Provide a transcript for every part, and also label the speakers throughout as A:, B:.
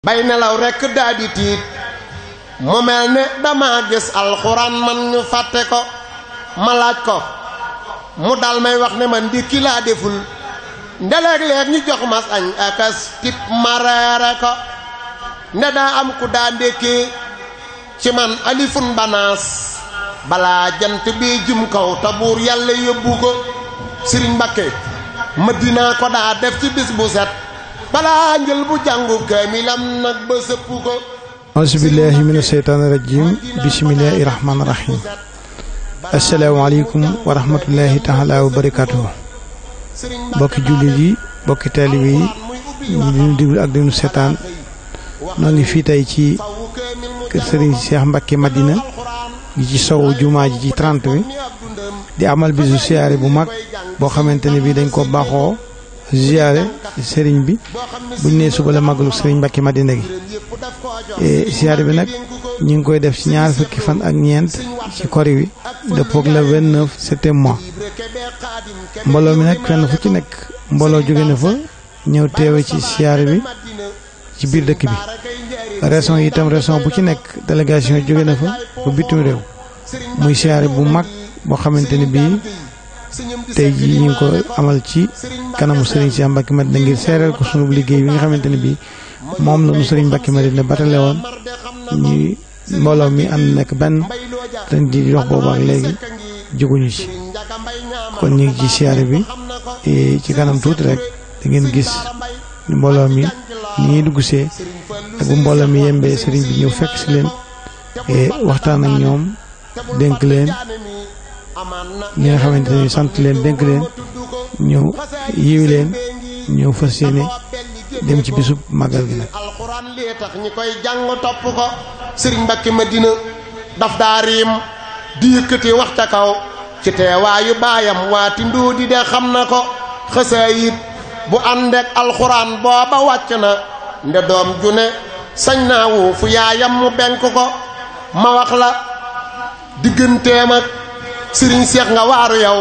A: bay nelaw rekk daa tiit mu mel ne dama gis alxuraan man ñu fàtte ko ma laaj ko mu dal may wax ne man di ki laa deful ndeleeg-leeg ñu jox mas añ akas tip ma ko ne daa am ku daa ndékkee ci man alifun banaas balaa jant bi jum kaw te buur yàlla yóbbu ko sëriñ Mbàkke ma dinaa ko daa def ci bis bu set balaa njël bu jàngu kaamilam nag ba sëpp ko
B: auzubillahi mina seytaani rajim bismillahi rahmaani rahim asalaamaaleykum wa rahmatullahi taala wa barakaatuhu bokki jullit yi bokki taalibe yi ñu di ak dinu seetaan noo ngi fii tey ci kër sëriñ Cheikh Mbacke Madina gi ci sowu jumaa ji ci 30 bi di amal bisu siyaare bu mag boo xamante ne bii dañ ko baaxoo ziyaare sëriñ bi buñ nee suba la màggalu sëriñ Mbacke Madina gi e ziyaare bi nag ñu ngi koy def ci ñaar fukki fan ak ñeent ci kori wi dëppoog la vingt-neuf septembre mois mbooloo mi nag fenn fu ci nekk mbooloo jóge na fa ñëw teewe ci ziyaare bi ci biir dëkk bi région yi itam région bu ci nekk délégation jóge na fa ba bitim réew muy ziyaare bu mag boo xamante ni bii tey jii ñu ngi ko amal ci kanamu Serigne Cheikh Mbacké Madina ngir seereel ko sunu liggéey bi nga xamante ne bii moom la nu Serigne Mbacké Madina batale woon ñuy mbooloo mi ànd nekk benn ren di dox boobu ak léegi juguñu ci. kon ñu ngi ci siyaare bi ci kanam tuuti rek da ngeen gis mbooloo mi ni ñuy dugg see ak bu mbooloo mi yembee Serigne bi ñëw fekk si leen eh, waxtaan ak ñoom dénk leen. ñi nga xamante sant leen dénk leen ñëw yiw leen ñëw fas yéene dem ci bisub màggal gi alxuraan
A: lii tax ñi koy jàng topp ko sëriñ Mbàkke Madina daf daa riim di yëkkati wax ca kaw ci teewaayu baayam waa tinduudi de xam na ko xasaayit bu ànd ak alxuraan booba wàcc na nde doom ju ne sañ naa wu yaayam mu benk ko ma wax la digganteem ak sëriñ seex nga waaru yow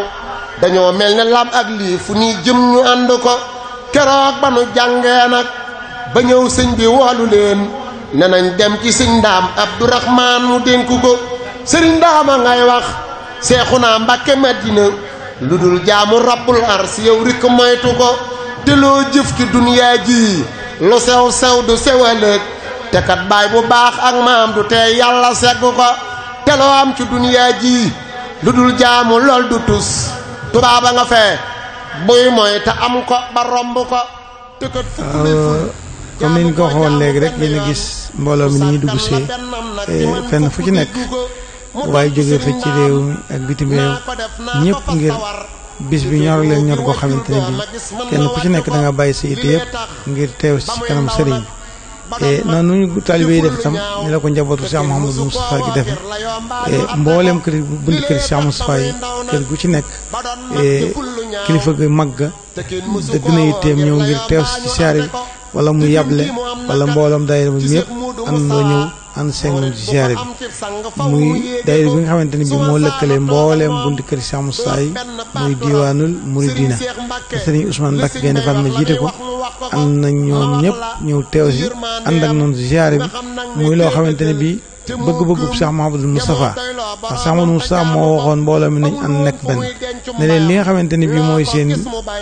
A: dañoo mel ne lab ak lii fu nii jëm ñu ànd ko keroog ba nu jàngee nag ba ñëw sëñ bi woolu leen ne nañ dem ci sëñ ndaam abdourahman mu dénk ko sëriñ ndaama ngay wax seexunaa mbàkke madina lu dul jaamu rabbul ars yow rikk moytu ko te loo jëf ci duniyaa ji lu sew sew du sew ëllëg te kat baay bu baax ak maam du tee yàlla segg ko te am ci duniyaa lu dul jaamu lool du tus tubaaba nga fee buy mooy te am ko ba romb ko
B: tëkkat ah, comme koo ñu ko léegi rek yéen a gis mbooloo mi ni ñuy dugg see eh, fenn fu ci nekk waaye jógee fa ci réew mi ak bitim réew ñëpp ngir bis bi ñor leen ñor goo xamante ne bii kenn ku ci nekk da nga bàyyi sa yitte yëpp ngir teew ci kanam sëriñ bi Eh, noonu ñu taalibe yi def itam ni la ko njabootu Cheikh Mouhamadou Moustapha gi defe eh, mboolem kër bunt kër Cheikh Moustapha yi kër gu ci nekk eh, kilifa gi mag ga dëgg na yitteem ñëw ngir teew ci siyaare bi wala mu yable wala mbooloom daayira bi yëpp am na ñëw ànd seeg moom ci ziare bi muy daayira bi nga xamante ne bii moo lëkkalee mbooleem bunti kër Cheikh Moustapha yi muy diwaanul Mouridina te sëriñ Ousmane Mbacke Gaynde Fatma jiite ko ànd na ñoom ñëpp ñëw teew si ànd ak noonu ziare bi muy loo xamante ne bii. bëgg-bëggub Cheikh Mahamadoul Moustapha ndax Cheikh Mahamadoul Moustapha moo waxoon mbooloo mi nañ am nekk benn ne leen li nga xamante ni bii mooy seen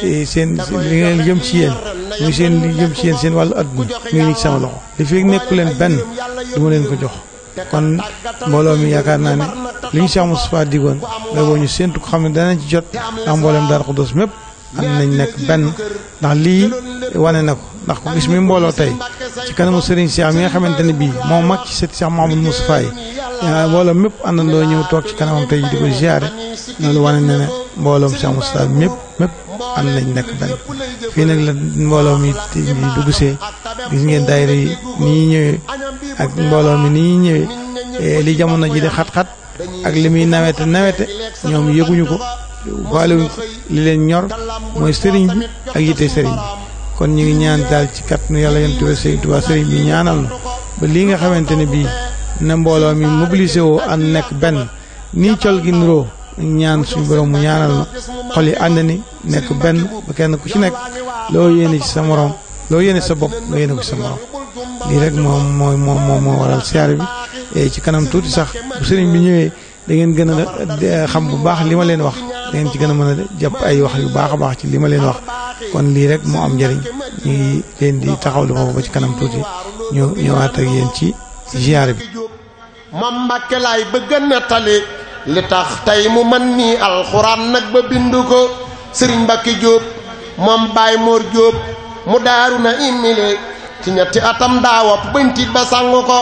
B: eh, seen li ngeen jëm ci yéen muy seen li ci yéen seen wàllu adduna mi ngi nii ci sama loxo li fi leen benn du leen ko jox kon mbooloo mi yaakaar naa ne li ñu Cheikh Moustapha digoon mooy boo ñu séentu ko xam ne danañ ci jot ndax mbooleem Daaru Xudoos mépp am nañ nekk benn ndax lii wane na ko ndax ko gis mi mbooloo tey ci kanamu Serigne Cheikh mi nga xamante ne bii moo mag ci sëti Cheikh Mamadou Moustapha yi mbooloo mépp àndandoo ñëw toog ci kanamam tey di ko ziare loolu wane na ne mbooloom Cheikh Moustapha mépp mépp ànd nekk benn fii nag la mbooloo mi di dugg see gis ngeen daayira yi ni ñëwee ak mbooloo mi ni ñuy ñëwee eh, li jamono ji di xat-xat ak li muy nawete nawete ñoom yëguñu ko faale li leen ñor mooy sëriñ bi ak yitte sëriñ kon ñu ngi ñaan daal ci kat nu yàlla yonent bi sëriñ Tuubaa sëriñ bi ñaanal na ba lii nga xamante ne bii na mbooloo mi mobilisé woo ànd nekk benn nii col gi niroo ñaan suñu borom mu ñaanal na xol yi ànd ni nekk benn ba kenn ku ci nekk loo yéene ci sa morom loo yéene sa bopp nga yéene ko ci sa morom lii rek moom mooy moom moom moo waral siyaar bi e ci kanam tuuti sax bu sëriñ bi ñëwee da ngeen gën a xam bu baax li ma leen wax da ngeen ci gën a mën a jàpp ay wax yu baax a baax ci li ma leen wax kon lii rek moo am njëriñ ñu leen di taxawlu foofu ba ci kanam tuuti ñu ñëwaat ak yéen ci ziyaare bi
A: moom Mbàkke laay bëgg na tali li tax tey mu mën nii alxuraan nag ba bindu ko sëriñ Mbàkke Jóob moom Baay Moor Jóob mu daaru na immile ci ñetti atam daa wopp ba sangu ko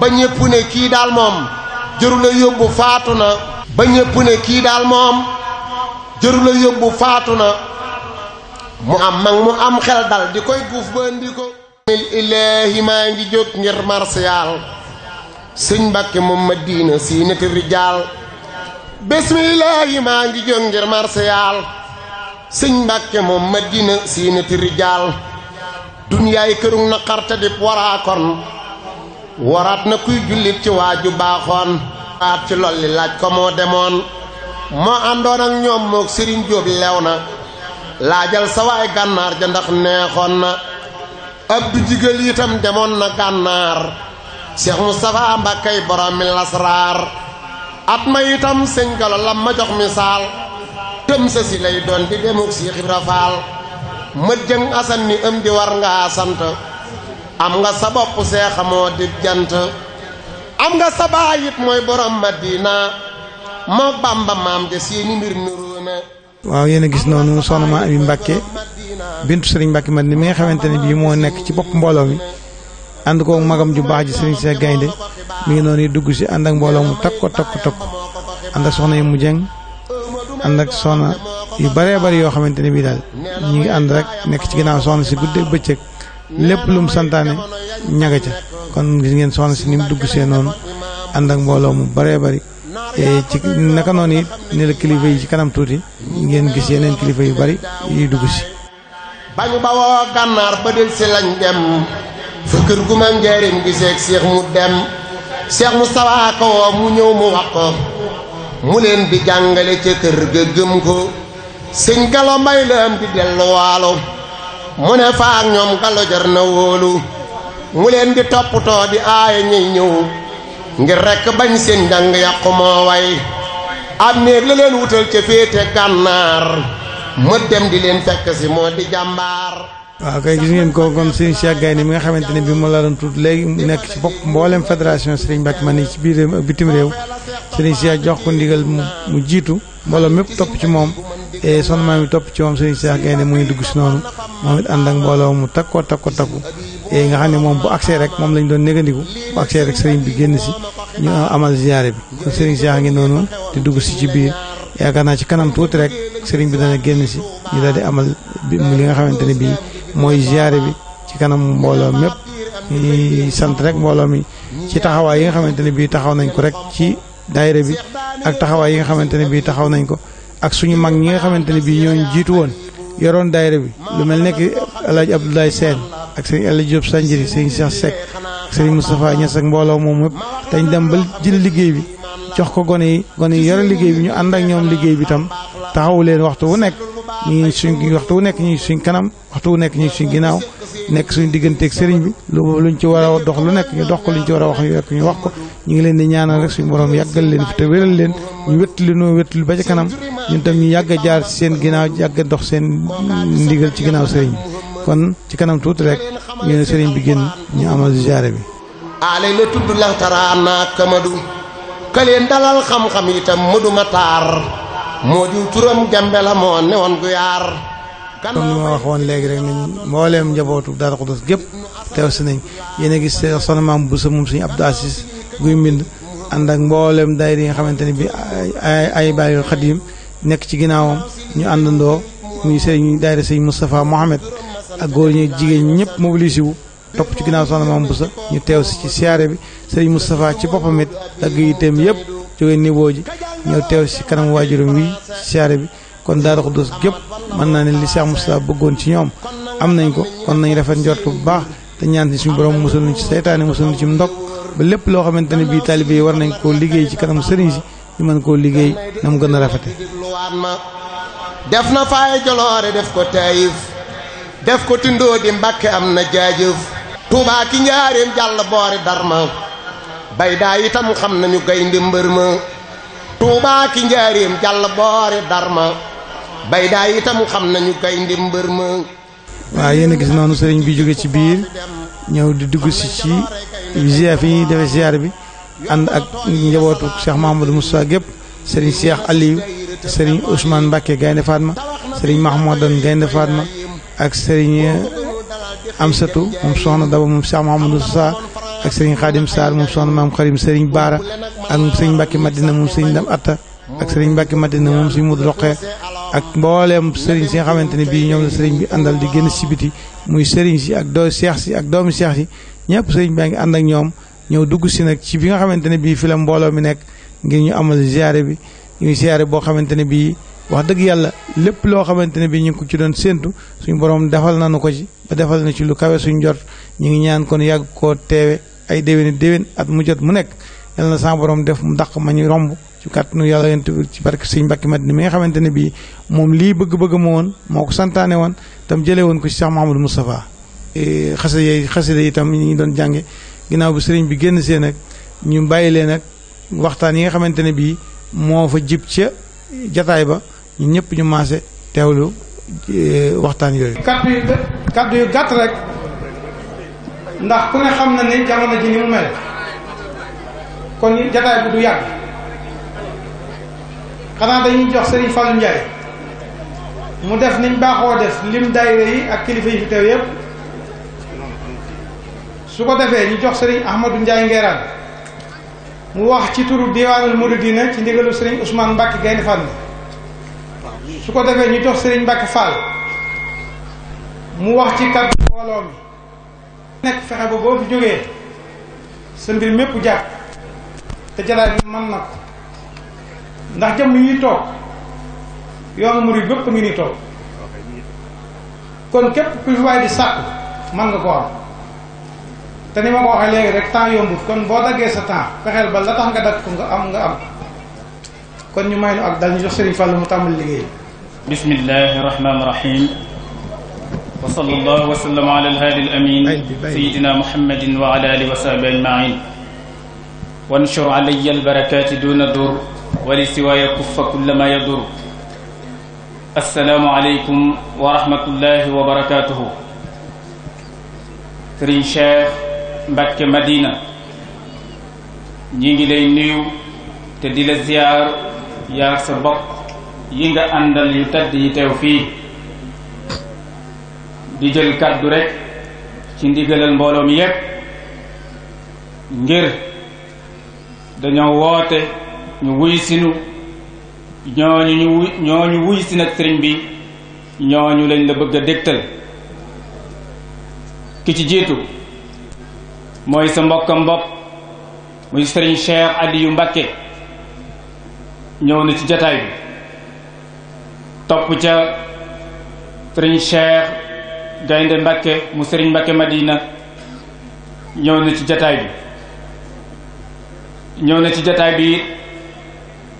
A: ba ñëpp ne kii daal moom jëru yóbbu faatu na ba ñëpp ne kii daal moom jëru yóbbu faatu na mu am mag mu am xel dal di koy guuf ba indi ko mil maa ngi jóg ngir marsiyaal sëñ mbàkke moom ma diina sii niti rijaal bismilaahi maa ngi jóg ngir marsiyaal sëñ mbàkke moom ma diina sii niti rijaal dunyaay kërug na xarte dib waraa kon waraat na kuy jullit ci waaju baaxoon waat ci lolli laaj ko moo demoon moo àndoon ñoom mook sëriñ jóob lew na laajal sa gànnaar ja ndax neexoon na abdu jigal itam demoon na gànnaar cheikh moustapha mbakkay borom mi lasraar at ma itam sëñ galo lam ma jox misaal tëm sa lay doon di demuk si xibra faal mët jëng asan ni ëm war ngaa sant am nga sa bopp see xamoo di jant am nga sa baay it mooy borom madina moo bamba maam ja seeni mbir nuróo na
B: waaw yéen a gis noonu soxna ma Ami Mbacke bintu Serigne Mbacke man mi nga xamante ne bii moo nekk ci bopp mbooloo mi ànd ko magam ju baax ji Serigne Cheikh Gaynde mi ngi noonu dugg si ànd ak mbooloo mu takk ko takk ko takk ànd ak soxna yu mu jeng ànd ak soxna yu bëree bëri yoo xamante ne bii daal ñu ngi ànd rek nekk ci ginnaaw soxna si guddeeg bëccëg lépp lu mu santaane ñaga ca kon gis ngeen soxna si ni dugg see noonu ànd ak mbooloo mu bëree bëri. Eh, ci naka noonu it ne la kilifa yi ci kanam tuuti ngeen gis yeneen kilifa yu bari yuy dugg si.
A: bañ ba woo gànnaar ba del si lañ dem fu kër gu ma njëriñ seex mu dem seex mu sawaa ko mu ñëw mu wax mu leen di jàngale ca kër ga gëm ko sëñ galo may la am di delluwaalo mu ne faak ñoom galo jar na wóolu mu leen di toppatoo di aaya ñiy ñëw ngir rekk bañ seen njàng yàqu moo way ab néeg la wutal ca féete gànnaar mët dem di leen fekk si moo di jàmbaar
B: waaw kay gis ngeen ko kon Serigne Cheikh Gaynde mi nga xamante ne bii moom laa doon tudd léegi nekk ci bokk mboolem fédération Serigne Mbacke man yi ci biir réew ak bitim réew Serigne jox ko ndigal mu jiitu mbooloo mépp topp ci moom et son maam yi topp ci moom Serigne Cheikh Gaynde mu ngi dugg si noonu moom it ànd ak mbooloo mu takkoo takko takku yooyu nga xam ne moom bu accès rek moom lañ doon négandiku bu accès rek sëriñ bi génn si ñu amal ziyaare bi kon sëriñ Cheikh ngi noonu di dugg si ci biir yaakaar naa ci kanam tuuti rek sëriñ bi dana génn si ñu daal di amal li nga xamante ne bii mooy ziyaare bi ci kanam mbooloo mépp ñuy sant rek mbooloo mi ci taxawaay yi nga xamante ne bii taxaw nañ ko rek ci daayira bi ak taxawaay yi nga xamante ne bii taxaw nañ ko ak suñu mag ñi nga xamante ne bii ñoo jiitu woon yoroon daayira bi lu mel nekk El Hadj Abdoulaye ak sëriñ Alla Diop Sanjiri sëriñ Cheikh Seck ak sëriñ Moustapha Niass ak mbooloo moom yëpp dañ dem ba jël liggéey bi jox ko gone yi gone yi yore liggéey bi ñu ànd ak ñoom liggéey bi tam taxawu leen waxtu wu nekk ñu suñ waxtu wu nekk ñii suñ kanam waxtu wu nekk ñii suñ ginnaaw nekk suñ digganteeg sëriñ bi lu luñ ci war a dox lu nekk ñu dox ko luñ ci war a wax ñu wax ko ñu ngi leen di ñaanal rek suñu borom yàggal leen fu te wéral leen ñu wéttali noo wéttali ba ca kanam ñun tam ñu yàgg a jaar seen ginnaaw yàgg seen ndigal ci ginnaaw sëriñ bi kon ci kanam tuuti rek ñu sëriñ bi génn ñu amal ziyaare bi
A: aalay la tudd lantaraa naaka madu këleen dalal xam-xam itam madu ma taar moo diw turam jambe ne woon gu yaar
B: kon wax woon léegi rek nañ mbooleem njabootu Daaru Xudoos gépp teew si nañ yéen gis soxna maam bu sa moom suñu Abdou Aziz guy mbind ànd ak mbooleem daayira yi nga xamante ne bi ay ay bàyyi Xadim nekk ci ginnaawam ñu àndandoo muy sëriñ daayira sëriñ Moustapha Mohamed ak góor ñi jigéen ñëpp mobilisé wu topp ci ginnaaw soxna Maam Bousso ñu teew si ci siyaare bi sëriñ Moustapha ci boppam it dagg yitteem yëpp jógee niveau ji ñëw teew si kanam waajuram wi ci siyaare bi kon Daaru Xudoos gépp mën naa ne li Cheikh Moustapha bëggoon ci ñoom am nañ ko kon nañ rafet njort bu baax te ñaan si suñu borom mosul ci seytaane mosul ci ndog ba lépp loo xamante ne bii taalibe yi war nañ koo liggéey ci kanam sëriñ si ñu koo liggéey na gën a rafete
A: def ko tindoo di mbàkke am na jaajëf tuubaa ki njaareem jàll boori darma bay daa itam xam nañu gaynde mbër ma tuubaa ki njaareem jàll boori darma bay daa itam xam nañu gaynde mbër
B: ma waaw yéen a gis noonu sëriñ bi jóge ci biir ñëw di dugg si ci ziar fi ñuy defee ziar bi ànd ak njabootu Cheikh Mahamadou Moustapha gépp sëriñ Cheikh Aliou sëriñ Ousmane Mbacke Gaynde Fatma sëriñ Mahmoudan Gaynde Fatma ak Serigne Amsatu moom soxna Daba moom Cheikh Mouhamadou Sa ak Serigne Khadim Sarr moom soxna maam Karim Baara ak Serigne Mbacke moom Serigne Dam Atta ak Serigne Mbacke Madina moom Serigne ak mbooleem Serigne si nga xamante ne bii ñoom la Serigne bi àndal di génn si muy Serigne si ak doo si ak doomi Cheikh si ñëpp Serigne baa ngi ànd ak ñoom ñëw dugg si nag ci bi nga xamante ne bii fi la mbooloo mi nekk ngir ñu amal ziare bi ñuy ziare boo xamante ne bii. wax dëgg yàlla lépp loo xamante ne bi ñu ngi ko ci doon séentu suñu borom defal na nu ko ci ba defal na ci lu kawe suñ jot ñu ngi ñaan kon yàgg koo teewe ay déwéni déwén at mu jot mu nekk yàlla na sa boroom def mu dàq ma ñu romb ci kàttanu yàlla yent ci barke sëñ Mbàkke Madina mi nga xamante ne bii moom lii ma woon moo ko santaane woon tam jëlee woon ko ci Cheikh mu Moustapha e, xasida yi xasida yi itam ñu ngi doon jànge ginnaaw bi sëriñ bi génn see nag ñu bàyyi leen nag waxtaan yi nga xamante ne bii moo fa jib ca jataay ba ñun ñëpp ñu maase teewlu eh, waxtaan yooyu. kaddu yu kaddu rek ndax ku ne xam na ni jamono ji ni mu mel kon jataay bi du yàgg xanaa dañuy jox Serigne Fallou Ndiaye mu def niñ baaxoo def lim daayira yi ak kilifa yi fi teew yëpp su ko defee ñu jox Serigne Ahmadou Ndiaye Nguerane mu wax ci turu diwaanul Mouridina ci ndigalu Serigne Ousmane Mbacke Gaynde Fatma. su ko defee ñu jox seriñ Mbacke Fall mu wax ci kàddu mbooloo mi nekk fexe ba boo fi jógee sa mbir mépp jàpp te jalaay bi mën na ko ndax jëmm yi toog yoonu murid bépp ngi ni toog kon képp ku fi waay di sàkk mën nga ko am te ni ma ko waxee léegi rek temps yombut kon boo daggee sa temps fexeel ba la tax nga dagg ko nga am nga am kon ñu may nu ak dal ñu jox Serigne Fallou mu tàmbali liggéey
C: bismillahi rahmaani rahiim wa sallallahu wa sallam ala alhaadi alamin sayidina muhammadin wa ala alihi wa sahbi ajmain wa anshur alayya albarakati duna dur wa li siwaaya kuffa kulla ma yadur assalaamu aleykum wa rahmatullahi wa barakatuhu sëriñ Cheikh Mbacke Madina ñi ngi lay nuyu te di la ziyaar yaar sa bopp yi nga àndal yu tedd yi teew fii di jël kàddu rekk ci ndigalal mbooloo mi yépp ngir dañoo woote ñu wuy sinu ñu ñooñu wuy sëriñ bi ñooñu lañ la bëgg a dégtal ki ci jiitu mooy sa mbokkam mbokk muy sëriñ Cheikh Aliou Mbacké ñëw na ci jataay bi topp ca sëriñ Cheikh gaynde Mbakke mu sëriñ Mbakke Madina ñëw na ci jataay bi ñëw na ci jataay bi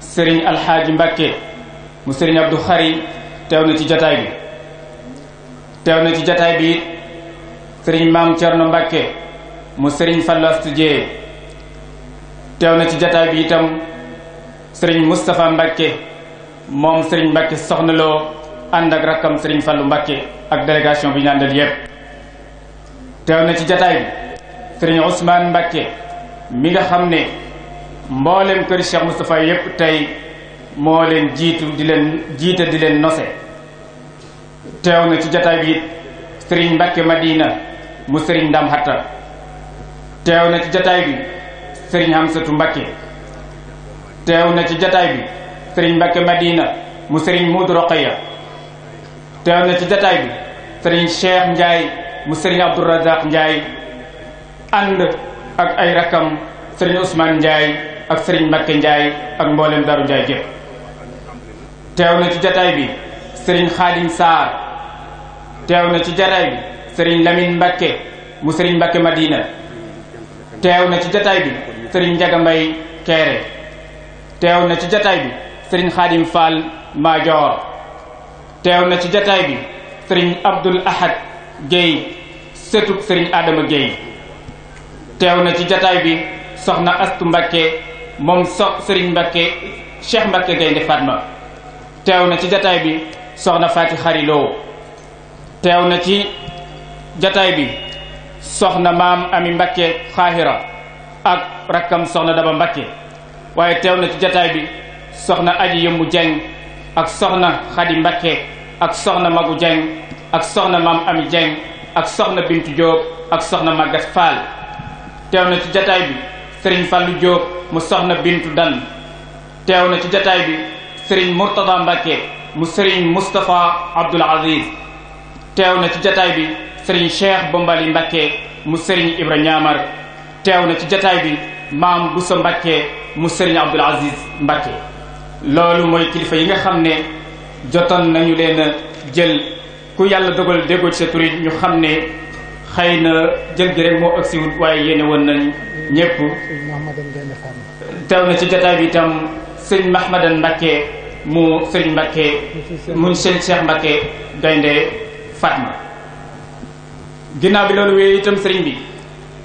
C: sëriñ Alxaaji Mbakke mu sëriñ Abdou Xari teew na ci jataay bi teew na ci jataay bi sëriñ Maam Cerno Mbakke mu sëriñ Fallas Tujee teew na ci jataay bi itam sëriñ Moustapha Mbakke moom sëriñ Mbacke soxna loo ànd ak rakkam sëriñ Fallou Mbacke ak délégation bi ñu àndal yépp teew na ci jataay bi sëriñ Ousmane Mbacke mi nga xam ne mboolem kër Cheikh Moustapha yépp tey moo leen jiitu di leen jiite di leen nose teew na ci jataay bi sëriñ Mbacke Madina mu sëriñ Ndam Hatta teew na ci jataay bi sëriñ Hamsatu Mbacke teew na ci jataay bi sëriñ Mbacke Madina mu sëriñ Muudu Roqaya teew na ci jataay bi sëriñ Cheikh Ndiaye mu sëriñ Abdourazaq Ndiaye ànd ak ay rakam sëriñ Ousmane Ndiaye ak sëriñ Mbacke njaay ak mboolem Daru Ndiaye gépp teew na ci jataay bi sëriñ Xaadim Saar teew na ci jataay bi sëriñ Lamine Mbacke mu sëriñ Mbacke Madina teew na ci jataay bi sëriñ Njaga Mbay Keere teew na ci jataay bi sëriñ xaadim fall maajoor teew na ci jataay bi sëriñ abdul ahad géey sëtub sëriñ adama géey teew na ci jataay bi soxna astu mbakke moom sox sëriñ mbakke cheikh mbakke gaynde fatma teew na ci jataay bi soxna faati xariloo teew na ci jataay bi soxna maam ami mbakke xaahira ak rakkam soxna daba mbakke waaye teew na ci jataay bi soxna aji yëmbu jeng ak soxna xadi mbakke ak soxna magu jeng ak soxna maam ami jeng ak soxna bintu jóob ak soxna màggat faal teew na ci jataay bi sëriñ fàllu jóob mu soxna bintu dan teew na ci jataay bi sëriñ murtada mbakke mu sëriñ mustapha abdul aziz teew na ci jataay bi sëriñ cheikh bombali mbakke mu sëriñ ibra ñaamar teew na ci jataay bi maam busa mbakke mu sëriñ abdul aziz mbakke loolu mooy kilifa yi nga xam ne jotoon nañu leen a jël ku yàlla dogal déggoo ci sa tur ñu xam ne xëy na jël gi rek moo agsi wut waaye yéene woon nañ ñëpp teew na ci jotaay bi itam sëñ Mahmadan Mbakke mu sëriñ Mbakke mu sëñ Cheikh Mbakke gaynde Fatma ginnaaw bi loolu wéyee itam sëriñ bi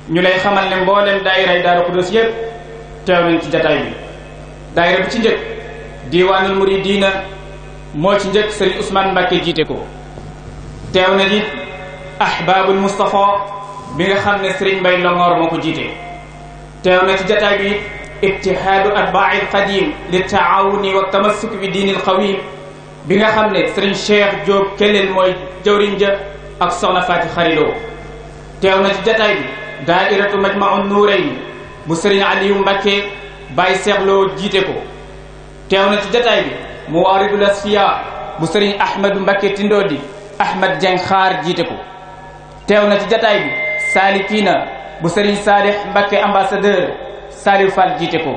C: ñu lay xamal ne mboolem daayira Daaru Xudoos yëpp teew nañ ci jotaay bi daayira bu ci njëkk diiwaanul muridiina moo ci njëkk sëriñ Ousmane Mbacke jiite ko teew na it ahbaabul Moustapha bi nga xam ne sëriñ Mbay Longoor moo ko jiite teew na ci jataay bi ibtihaadu atbaa'il qadiim li taawuni wa tamassuki bi diinil qawiim bi nga xam ne sëriñ Cheikh Diop Kellel mooy jawriñ ja ak soxna Faati Xariloo teew na ci jataay bi daairatu majmaun nuurayn bu sëriñ Aliyu Mbacke bàyyi seexloo jiite ko teew na ci jataay bi mu waaridul asfiya bu sëriñ ahmadu mbakke tindoodi ahmad jeng xaar jiite ko teew na ci jataay bi saalikiina bu sëriñ saalih mbakke ambassadeur saalih fall jiite ko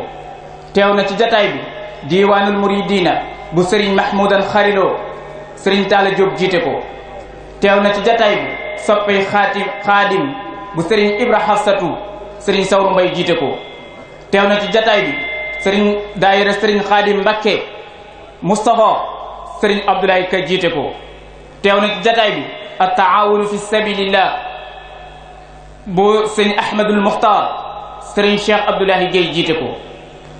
C: teew na ci jataay bi diiwaanul muridina bu sëriñ mahmudan xariloo sëriñ taala jóob jiite ko teew na ci jataay bi soppey xaatim xaadim bu sëriñ ibra xafsatu sëriñ sawru jiite ko teew na ci jataay bi sëriñ daayira sëriñ xaadim mbakke mustafa sëriñ abdoulaye ka jiite ko teew na bi at taawunu fi sabilillah bu sëriñ ahmadul muxtaar sëriñ cheikh abdoulahi gay jiite ko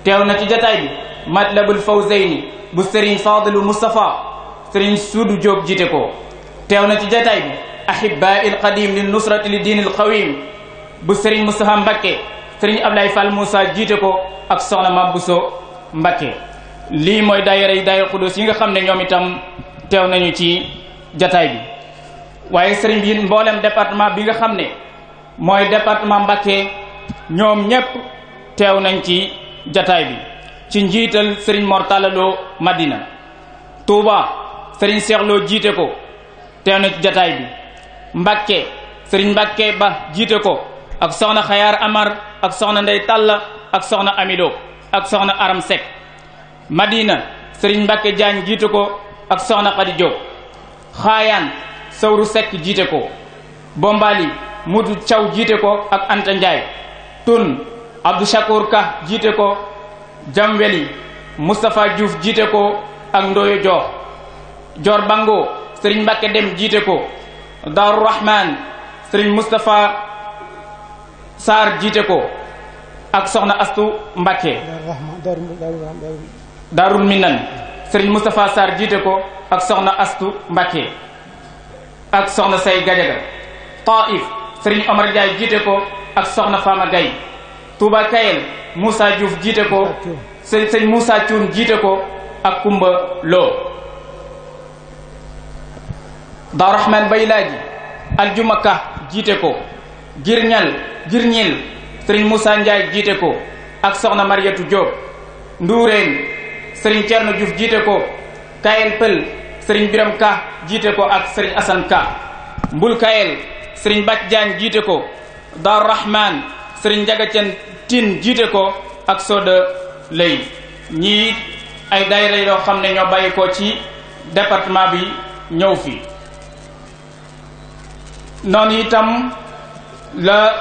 C: teew na ci jataay bi matlabul fawzayni bu sëriñ fadilu mustafa sëriñ suudu jóob jiite ko teew na ci jataay bi ahibaa il qadim li nusrati li diin il qawim bu sëriñ mustafa mbakke sëriñ ablaye fall moussa jiite ko ak soxna Mame Bousso Mbacké lii mooy daayira yi daayira Xudus yi nga xam ne ñoom itam teew nañu ci jataay bi waaye sëriñ bi mboolem département bi nga xam ne mooy département Mbacké ñoom ñépp teew nañ ci jataay bi ci njiital sëriñ Mor Talla Lo Madina Touba sëriñ Cheikh Lo jiite ko teew na ci jataay bi Mbacké sëriñ Mbacké Ba jiite ko ak soxna Xayaar Amar ak soxna Ndey Talla ak soxna Amidou ak soxna Aram Seck Madina Serigne Mbacke Diagne jiite ko ak soxna Khady Diop Xaayaan Sawru Seck jiite ko Bombali Mudu Thiaw jiite ko ak Anta Ndiaye Tun Abdou Chakour Ka jiite ko Jamweli Moustapha Diouf jiite ko ak Ndoyo Dior Dior Bango Serigne Mbacke Dem jiite ko Daaru Rahman Serigne Moustapha Sarr jiite ko ak soxna astu Mbàkke daarul minan sëriñ Moustapha Sarr jiite ko ak soxna astu Mbàkke ak soxna say Gajaga Taif sëriñ Omar Ndiaye jiite ko ak soxna Fama Gaye Touba Kayel jiite ko sëñ sëñ Moussa Thioune jiite ko ak Kumba Lo Daaru Rahmaan Baylaaji Aljumaka jiite ko Girñal Girñil sëriñ Moussa Ndiaye jiite ko ak soxna Mariatu Diop Nduureen sëriñ Thierno jiite ko Kayel Pël sëriñ Biram Ka jiite ko ak sëriñ Assane Ka Mbul Kayel sëriñ Bac Diagne jiite ko Daaru Rahman sëriñ Njaga Cen jiite ko ak Soda Lay ñii ay daayira yoo xam ne ñoo bàyyi ko ci département bi ñëw fii noonu itam la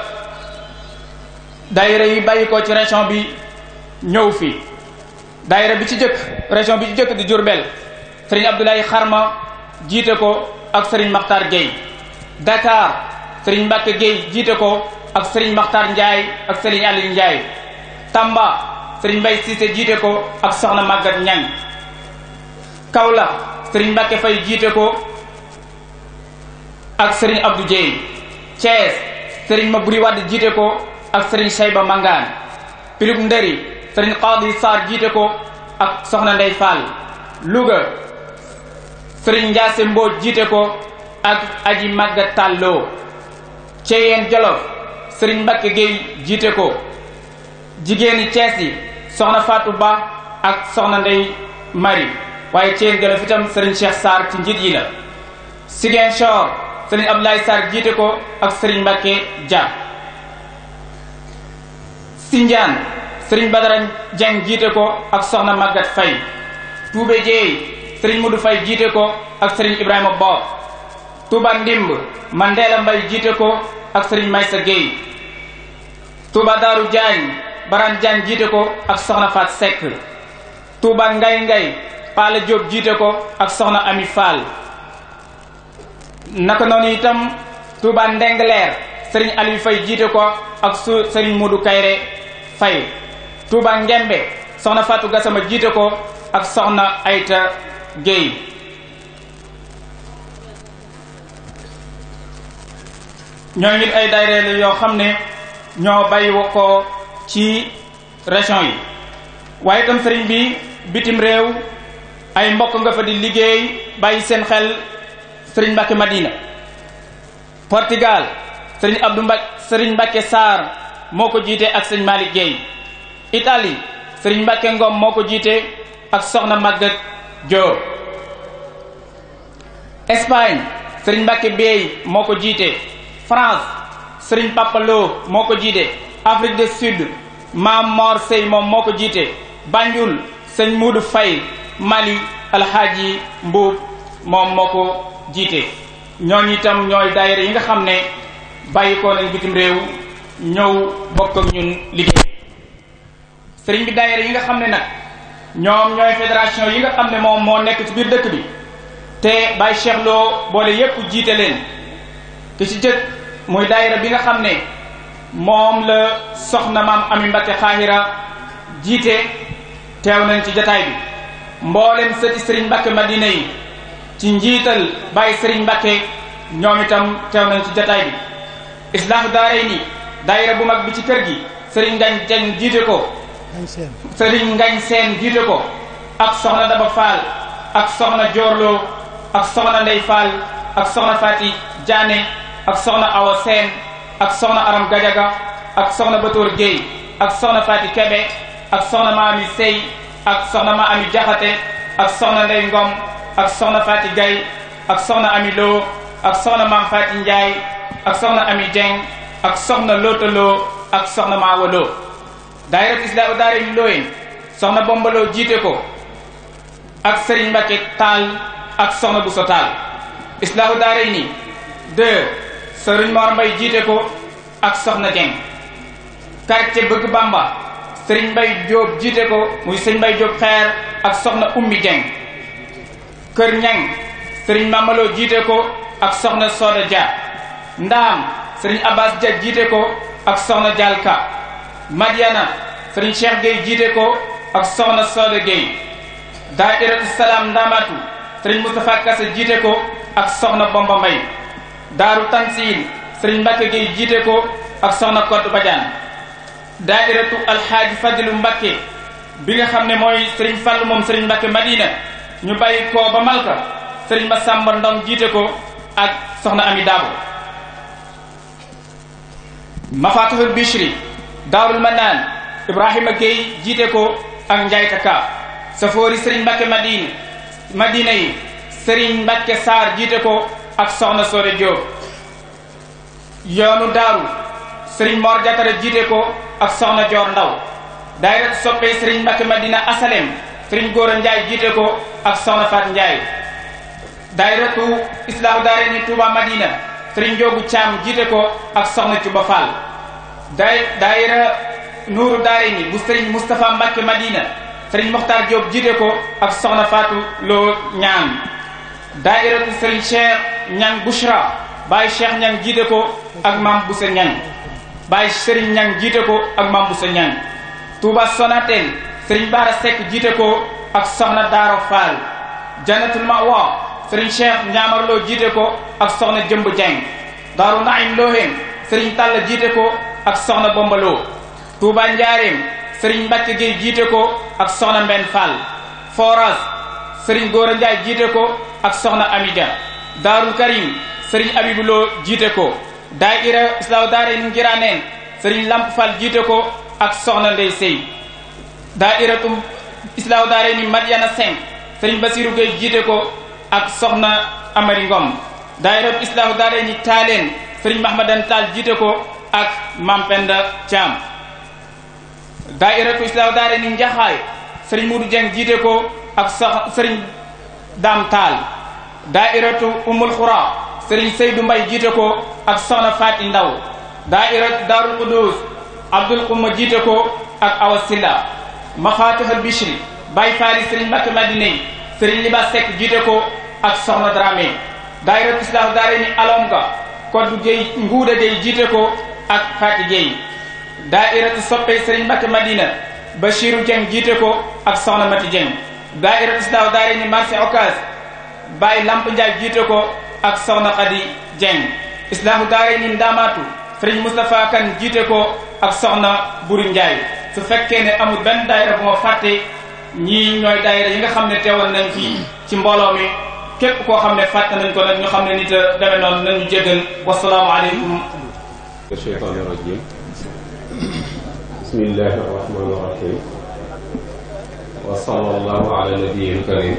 C: daayira yi bàyyi ko ci région bi ñëw fii daayira bi ci jëkk région bi ci jëkk di Diourbel sëriñ Abdoulaye Xarma jiite ko ak sëriñ Makhtar Gueye Dakar sëriñ Mbacke Gueye jiite ko ak sëriñ Makhtar Ndiaye ak sëriñ Aliou Ndiaye Tamba sëriñ Mbaye Cissé jiite ko ak soxna Maguette Niang kawla sëriñ Mbacke Faye jiite ko ak sëriñ Abdou Dieye Thiès sëriñ Mabouri Wade jiite ko ak sëriñ Sayba Mangaan pilug ndëri sëriñ Xaadi Saar jiite ko ak soxna Ndey Fall Louga sëriñ Njaase Mbooj jiite ko ak aji Magga Tàlloo Ceyeen Jolof sëriñ Mbakke Géey jiite ko jigéeni Cees yi soxna Fatou Ba ak soxna Ndey Mari waaye Ceyeen Jolof itam sëriñ Cheikh Sarr ci njiit yi la Ziguinchor sëriñ Abdoulaye Sarr jiite ko ak sëriñ Mbakke Dia Sinjaan sëriñ Badara Jeng jiite ko ak soxna Magat Fay Tuube Jeey sëriñ Mudu Fay jiite ko ak sëriñ Ibrahima Bo Tuuba Ndimb Mandela Mbay jiite ko ak sëriñ Maysa Géey Tuuba Daaru Jaañ Baran Jaañ jiite ko ak soxna Faat Seck Tuuba Ngay Ngay Paala Jóob jiite ko ak soxna Ami Faal naka noonu itam Tuuba Ndengleer sëriñ Aliou Fay jiite ko ak sëriñ Mudu Kayre Faye Touba Ngembe soxna Fatou Gassama jiite ko ak soxna Ayta Guèye ñoo ngi ay daayira la yoo xam ne ñoo bàyyi ko ci région yi waaye itam sëriñ bi bitim réew ay mbokk nga fa di liggéey bàyyi seen xel sëriñ Mbacke Madina Portugal sëriñ Abdou Mbacke sëriñ Mbacke moo ko jiite ak sëñ Malick Guèye itali sëriñ Mbacke Ngom moo ko jiite ak soxna Maguette Dior Espagne sëriñ Mbacke Bey moo ko jiite France sëriñ Papa Lo moo ko jiite Afrique du Sud Maam Mor moom moo ko jiite Banjul sëñ Muudu Fay Mali Alxaaji Mbuub moom moo ko jiite ñooñu itam ñooy daayira yi nga xam ne bàyyi ko nañ bitim réew ñëw bokk ak ñun liggéey sëriñ bi daayira yi nga xam ne nag ñoom ñooy fédération yi nga xam ne moom moo nekk ci biir dëkk bi te Baye Cheikh Lo boole yépp jiite leen ki ci jëkk muy daayira bi nga xam ne moom la soxna maam Ami Mbacké Xaahira jiite teew nañ ci jataay bi mboolem sëti sëriñ Mbacké Madina yi ci njiital Baye sëriñ Mbacké ñoom itam teew nañ ci jataay bi Islaahu Daarayni daayira bu mag bi ci kër gi sëriñ ngañ jeng jiite ko sëriñ ngañ seen jiite ko ak soxna daba faal ak soxna joorloo ak soxna ndey faal ak soxna faati jaane ak soxna awa ak soxna aram gajaga ak soxna batoor géey ak soxna faati kebe ak soxna maami sey ak soxna ma ami jaxate ak soxna ndey ngom ak soxna faati gay ak soxna ami loo ak soxna maam faati njaay ak soxna ami jeng ak soxna lootaloo ak soxna maawaloo daayira islaamu daara ñu looyeen soxna bombaloo jiite ko ak sëriñ Mbàkke taal ak soxna bu so taal islaamu daara ni deux sëriñ Mor Mbay jiite ko ak soxna Jeng quartier bëgg Bamba sëriñ Mbay Jóob jiite ko muy sëriñ Mbay Jóob xeer ak soxna ummi Jeng kër ñang sëriñ Mamaloo jiite ko ak soxna Sooda Dia ndaam sëriñ Abbas Dia jiite ko ak soxna Dialka Madiana sëriñ Cheikh Gueye jiite ko ak soxna Soda Gueye daairatu salaam Ndamatu sëriñ Moustapha jiite ko ak soxna Bomba Mbay daaru tansiil sëriñ Mbacke Gueye jiite ko ak soxna Koddu Badiane daairatu alxaaji Fadilu Mbacke bi nga xam ne mooy sëriñ fal moom sëriñ Mbacke Madina ñu bàyyi ko ba Malka sëriñ Masamba Ndong jiite ko ak soxna Ami mafatihul bichri daarul manaan ibrahima Gueye jiite ko ak njaayka ka safoori sëriñ mbakke madine yi sëriñ mbakke saar jiite ko ak soxna soore Diop yoonu daaru sëriñ mor jatara jiite ko ak soxna joor ndaw daayira soppee sëriñ mbakke madina asalem sëriñ góora njaay jiite ko ak soxna fat njaay daayiratu islaahu daare ni tuuba madina sëriñ Njoogu Caam jiite ko ak soxna Cuba Fall daay daayira nuuru daarayni bu sëriñ Moustapha Mbacke Madina sëriñ Mokhtar Diop jiite ko ak soxna Fatou Lo ñaan daayiratu sëriñ Cheikh Ñang Bouchra Baye Cheikh Ñang jiite ko ak maam Boussa Ñang Baye sëriñ Ñang jiite ko ak maam Boussa Ñang Touba Sonatel sëriñ Baara Seck jiite ko ak soxna Daaro Fall Jannatul Mawa sëriñ Cheikh Ndiamarloo jiite ko ak soxna Jëmb Dieng Daaru Naim Looheen sëriñ Talla jiite ko ak soxna Bombaloo Touba Njaareem sëriñ Mbacke Gueye jiite ko ak soxna Mbenn Fall Foras sëriñ Gora Ndiaye jiite ko ak soxna Amidia Daarul Karim sëriñ Abibu jiite ko Daayira Islaahu Daarayni Ngiraneen sëriñ Lamp Fall jiite ko ak soxna Ndey Sey Daayiratu Islaahu Daarayni Madiana Seng sëriñ Basiru Gueye jiite ko ak soxna Amari Ngom daayira islaahu daara taaleen sëriñ Mahmadan jiite ko ak Mam Penda Thiam daayiratu islaahu daara ni njaxaay sëriñ Mudu Jeng jiite ko ak sax sëriñ Daam Ndaw daayiratu Daarul Qudus Abdul Xumma jiite ko ak Awa Silla Mafatihul Bichri Baye sëriñ Mbàkke sëriñ Liba jiite ko ak soxna Dramé daayiratu Islaahu Daarayni alom ga koddu Jeey nguuda Jeey jiite ko ak Faati Jeey daayiratu soppey Sëriñ Mbakke Madina Bachiru Jeng jiite ko ak soxna Mati Jeng daayiratu Islaahu Daarayni marché Ocass bay Lamp Njaay jiite ko ak soxna Xadi Jeng Islaahu Daarayni Ndaamaatu Sëriñ Moustapha Kan jiite ko ak soxna Buri Njaay su fekkee ne amul benn daayira bu ma fàtte ñii ñooy daayira yi nga xam ne teewal nañ fii ci mbooloo mi képp koo xam ne fàtte nañ ko nag ñu xam ne nit a deme noonu nañu jéggal wasalaamualeykum
D: الشيطان الرجيم بسم الله الرحمن الرحيم وصلى الله على النبي الكريم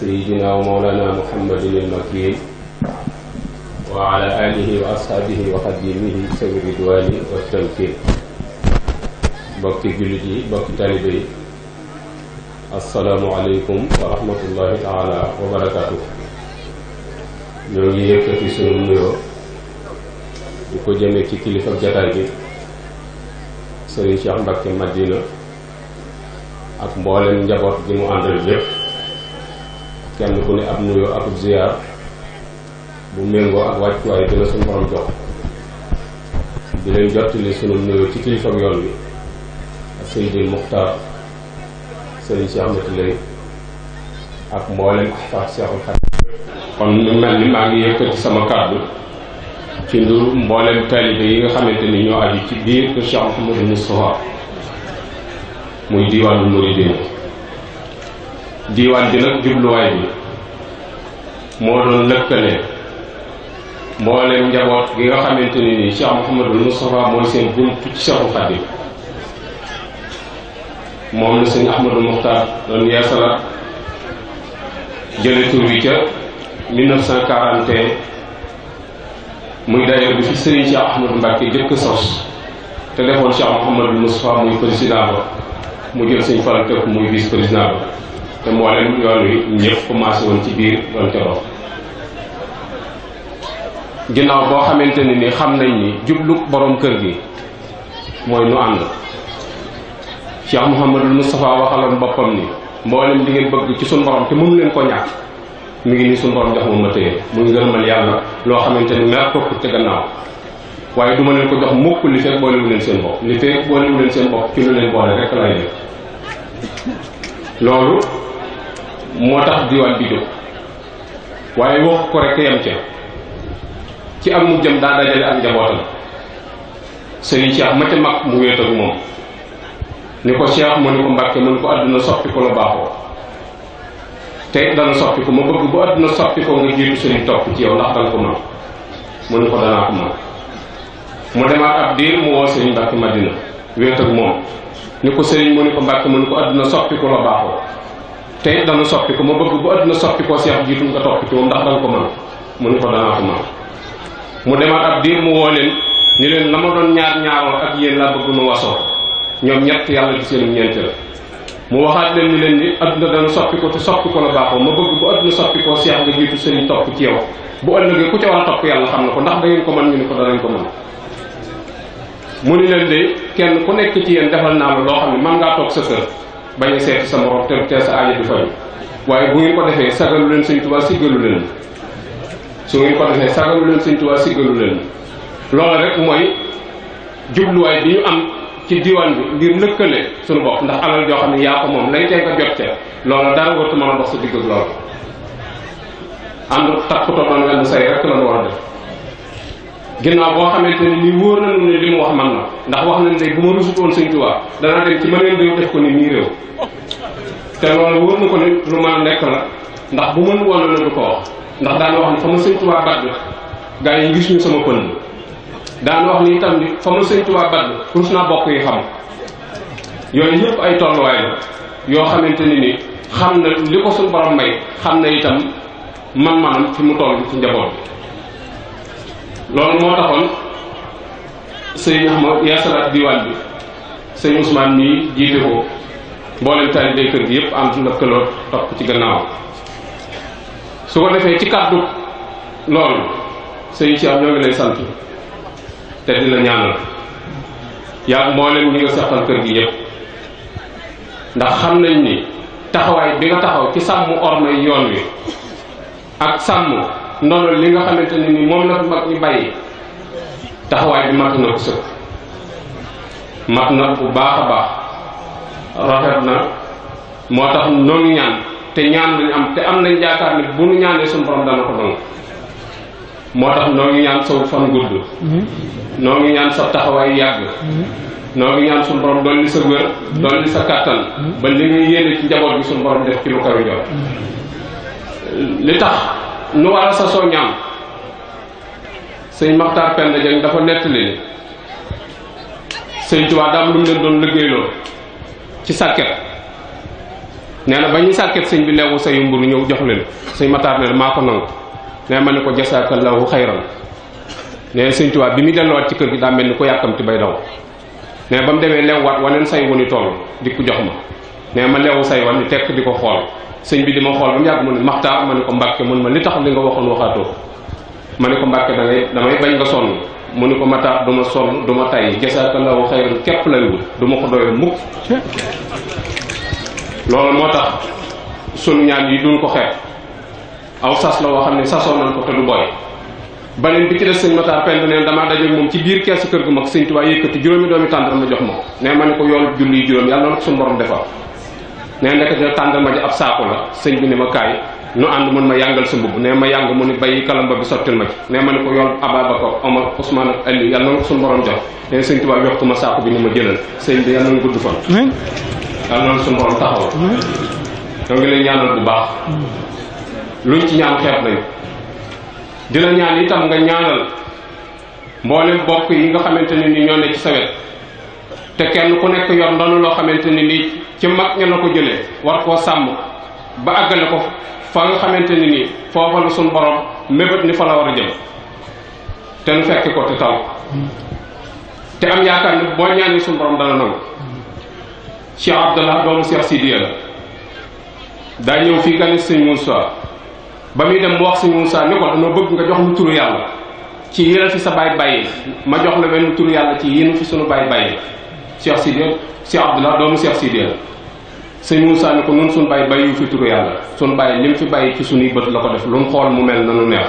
D: سيدنا ومولانا محمد المكين وعلى آله وأصحابه وخديمه سوي الرضوان والتمكين بوكي جلدي بوكي طالبي asalaamualeykum wa rahmatullahi taala wa barakaatu. ñoo ngi yëkkati sunu ko jëmee ci kilifa jataay bi sëriñ Cheikh Mbacké Madina ak mboolem njaboot gi mu àndal yépp kenn ku ne ab nuyoo ak ziyaar bu méngoo ak wàccuwaay dina suñu borom jox di leen jottali sunu nuyoo ci kilifa yoon bi ak Seydil Muxtaar sëriñ si amati lay ak mboolem ahfaad Seexul Xadiim kon mu mel ni maa ngi yëkkati sama kàddu ci nduru mboolem taalibe yi nga xamante ni ñoo aju ci biir kër Cheikh Mouhamadou Moustapha muy diwaanu Mourideen diwaan bi nag jubluwaay bi moo doon lëkkale mboolem njaboot yi nga xamante ni nii Cheikh Mouhamadou Moustapha mooy seen buntu ci Seexul Xadiim moom la sëñ Ahmadou Mokhtar doon yeesalaat jële tur bi ca 1941 muy daayira bi fi sëriñ Cheikh Ahmadou Mbacke jëkk sos te defoon Cheikh Mouhamadou Moustapha muy président ba mu jël sëñ Fall Tepp muy vice président ba te mboolem yoon wi ñëpp commencé woon ci biir doon teroo ginnaaw boo xamante ni ni xam nañ ni jublu borom kër gi mooy nu ànd Cheikh Mouhamadul Moustapha waxaloon boppam ni mboolem di ngeen bëgg ci suñu borom te mënu leen ko ñàkk mi ngi nii suñu borom jox ma ma téye muy ngërëmal yàlla loo xamante ni mer topp ca gannaaw waaye duma leen ko jox mukk li fekk boolewu leen seen bopp li fekk boolewu leen seen bopp ci lu leen boole rek lay def loolu moo tax diwaan bi jóg waaye wax ko rek yam ca ci ak mu jëm daa dajale ak njabootam sëriñ Cheikh ma ca mag mu wéet ak moom ni ko Cheikh mu ni ko Mbàkke mu ni ko àdduna soppi ko la baaxoo te dana soppi ko ma bëgg bu àdduna soppi ko nga jiitu sëriñ topp ci yow ndax danga ko mën mu ni ko danaa ko mën mu demaat ab diir mu woo sëriñ Mbàkke Madina wéet ko sëriñ mu ko Mbàkke mu ko àdduna soppi te dana soppi ma bëgg bu àdduna soppi ko Cheikh jiitu nga mën ko mu demaat ab diir mu leen ni leen la ma doon ñaar ñaaroon ak yéen laa bëgg nu wasoo ñoom ñett yàlla di seenum ñeenteel mu waxaat leen leen ni adduna dana soppi ko te soppi ko la baaxoo ma bëgg bu adduna soppi koo seex nga jiitu sëriñ topp ci yow bu ëllëgee ku ca war topp yàlla xam na ko ndax da ngeen ko mën ñu ni ko danañ ko mën mu ni leen de kenn ku nekk ci yéen defal naa la loo xam ne mën ngaa toog sa kër bañ a seeti sa morom te teel sa aajo du faju waaye bu ngeen ko defee sagalu leen sëñ Tuubaa siggalu leen su ngeen ko defee sagalu leen sëñ Tuubaa siggalu leen loola ci diwaan bi ngir lëkkale suñu bopp ndax alal joo xam ne yaa ko moom lay tey nga jot ca loolu dara wartu mën a sa digg loolu boo xamante ne ni wóor na ne li mu wax man na ndax wax nañ ne bu ma rusut woon Sëñ Tuubaa danaa dem ci mëneen réew def ko ni mii te loolu wóor na ko ni lu ma nekk la ndax bu mën woon na du ko wax ndax daan wax ne fa ma Sëñ Tuubaa gaa yi gis ñu sama pënd daan wax ni itam ni fa mu sëñ Tuubaa badd rus naa bokk yi xam yooyu yëpp ay tolluwaay la yoo xamante ni ni xam na li ko suñ borom may xam na itam man-manam fi mu toll ci njaboot loolu moo taxoon sëñ Ahmad yaasalaat diwaan bi sëñ Ousmane mii jiite ko mboolem taalibe kër gi yëpp ànd lëkkaloo topp ci gannaawam su ko defee ci kàddu loolu sëñ Cheikh ñoo ngi lay sant te di la ñaanal yaa mboolem ñi nga seqal kër gi yëpp ndax xam nañ ni taxawaay bi nga taxaw ci sàmm ormay yoon wi ak sàmm ndono li nga xamante ne ni moom la fi mag ñu bàyyi taxawaay bi mat na ko sëkk mat na bu baax a baax rafet na moo tax noonu ñaan te ñaan lañ am te am nañ yaakaar ne bu nu ñaanee suñu dana ko doon moo tax noo ngi ñaan saw fan gudd hmm. noo ngi ñaan sa taxawaay yàgg hmm. noo ngi ñaan suñu borom dolli sa wér hmm. dolli sa kàttan ba li nga yéene ci njaboot bi suñu borom def ci lu karu li tax nu war a sa soo ñaan sëñ Maxtaar Penda Jeng dafa nettali ni sëñ Tuubaa daam lu mu leen doon liggéeyloo ci sàkket nee na ba ñuy sàkket sëñ bi leewu sayu mburu ñëw jox leen sëñ Maxtaar ne maa ko nangu ne ma ne ko jasakallahu xayran nee na sëñ Tuubaa bi muy delluwaat ci kër gi daa mel ni ko yàkkamti bay daw ne ba mu demee lewwaat waneen say wani toll di ko jox ma ne ma lewu say wan ni tekk di ko xool sëñ bi di ma xool ba mu yàgg mu ne maxtaar ma ne ko mbàkke mun ma li tax li nga waxoon waxaatoo ma ne ko mbàkke da damay bañ nga sonn mu ne ko mataar du ma sonn du ma tayyi jasakallahu xayran képp lay wut du ma ko doyee mukk loolu moo tax sunu ñaan yi duñ ko xeet aw sas la woo xam ne sasoo nañ ko te du booy baneen bi ci des sëñ Matar Pend neen damaa dajeeg moom ci biir keesu kër gu mag sëñ Tuubaa yëkkati juróomi doomi tàndarma jox ma ne ma ne ko yoolu julli juróom yàlla na ko suñu borom defal ne ndeke da tàndarma ji ab saako la sëñ ne ma kaay nu ànd mën ma yàngal sa mbubb ne ma yàng mu ne bay kalamba bi sottil ma ci ma ne ko yool Ababacar Omar Ousmane ak Aliou yàlla na ko suñu ma saako bi ni ma jëlal sëñ bi yàlla na gudd fan yàlla na suñu borom taxaw ñoo ngi lay ñaanal bu baax luñ ci ñaan xeeb nañ di la ñaan itam nga ñaanal mboolem bokk yi nga xamante ne ni ñoo ne ci sa te kenn ku nekk yor ndoonu loo xamante ni nii ci mag ña la ko jëlee war koo sàmm ba àggale ko fa nga xamante ni nii foofa la suñu borom mébét ni fa la war a jëm te nu fekk ko te taw te am yaakaar ne boo ñaan ni suñu borom dana nangu Cheikh Abdallah doomu Cheikh Sidiya la daa ñëw fii gane Sëñ Moussa ba muy dem mu wax suñu Moussa ni ko dañoo bëgg nga jox nu turu yàlla ci yi la fi sa baay bàyyi ma jox la wenn turu yàlla ci yi nu fi sunu baay bàyyi Cheikh Sidiya Cheikh Abdullah doomu Cheikh Sidiya sëñ Moussa ni ko nun suñu bàyyi bàyyiwu fi turu yàlla suñu bàyyi li mu fi bàyyi ci suñuy bët la ko def lu mu xool mu mel na nu neex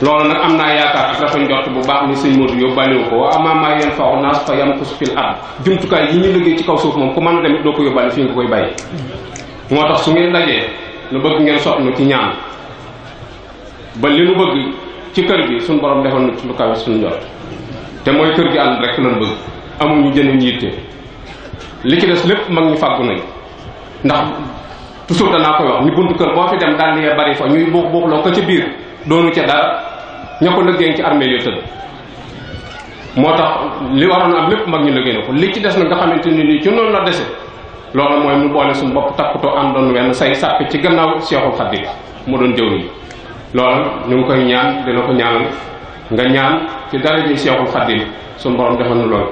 D: loolu na am naa yaakaar ak rafet njort bu baax ni sëñ Modou yóbbaale wu ko waa amaamaa yéen faw naas fa yam ko su fil at jumtukaay yi ñu liggéey ci kaw suuf moom ku mën a demit doo ko yóbbaale fi nga koy bàyyi moo tax su nu bëgg ngeen sotnu ci ñaan ba li nu bëgg ci kër gi suñu borom defal nu ci lu kawe suñu jot te mooy kër gi ànd rek lañu bëgg amuñu jëniñ yitte li ci des lépp mag ñu fàggu nañ ndax toujours danaa koy wax ni buntu kër boo fi dem daan yee bari fa ñuy buux buux loo ko ca biir doonu ca dara ña ko lëggéey ci armée yoo tëdd moo tax li waroon am lépp mag ñu lëggéey na ko li ci des nag nga xamante ni nii ci noonu la dese loolu mooy mu boole suñu bopp takkutoo doon wenn say sàpp ci gannaaw Seexul Xadiim mu doon jëw nii loolu ñu ngi koy ñaan dina ko ñaanal nga ñaan ci dara ji Seexul Xadiim suñu borom defal nu loolu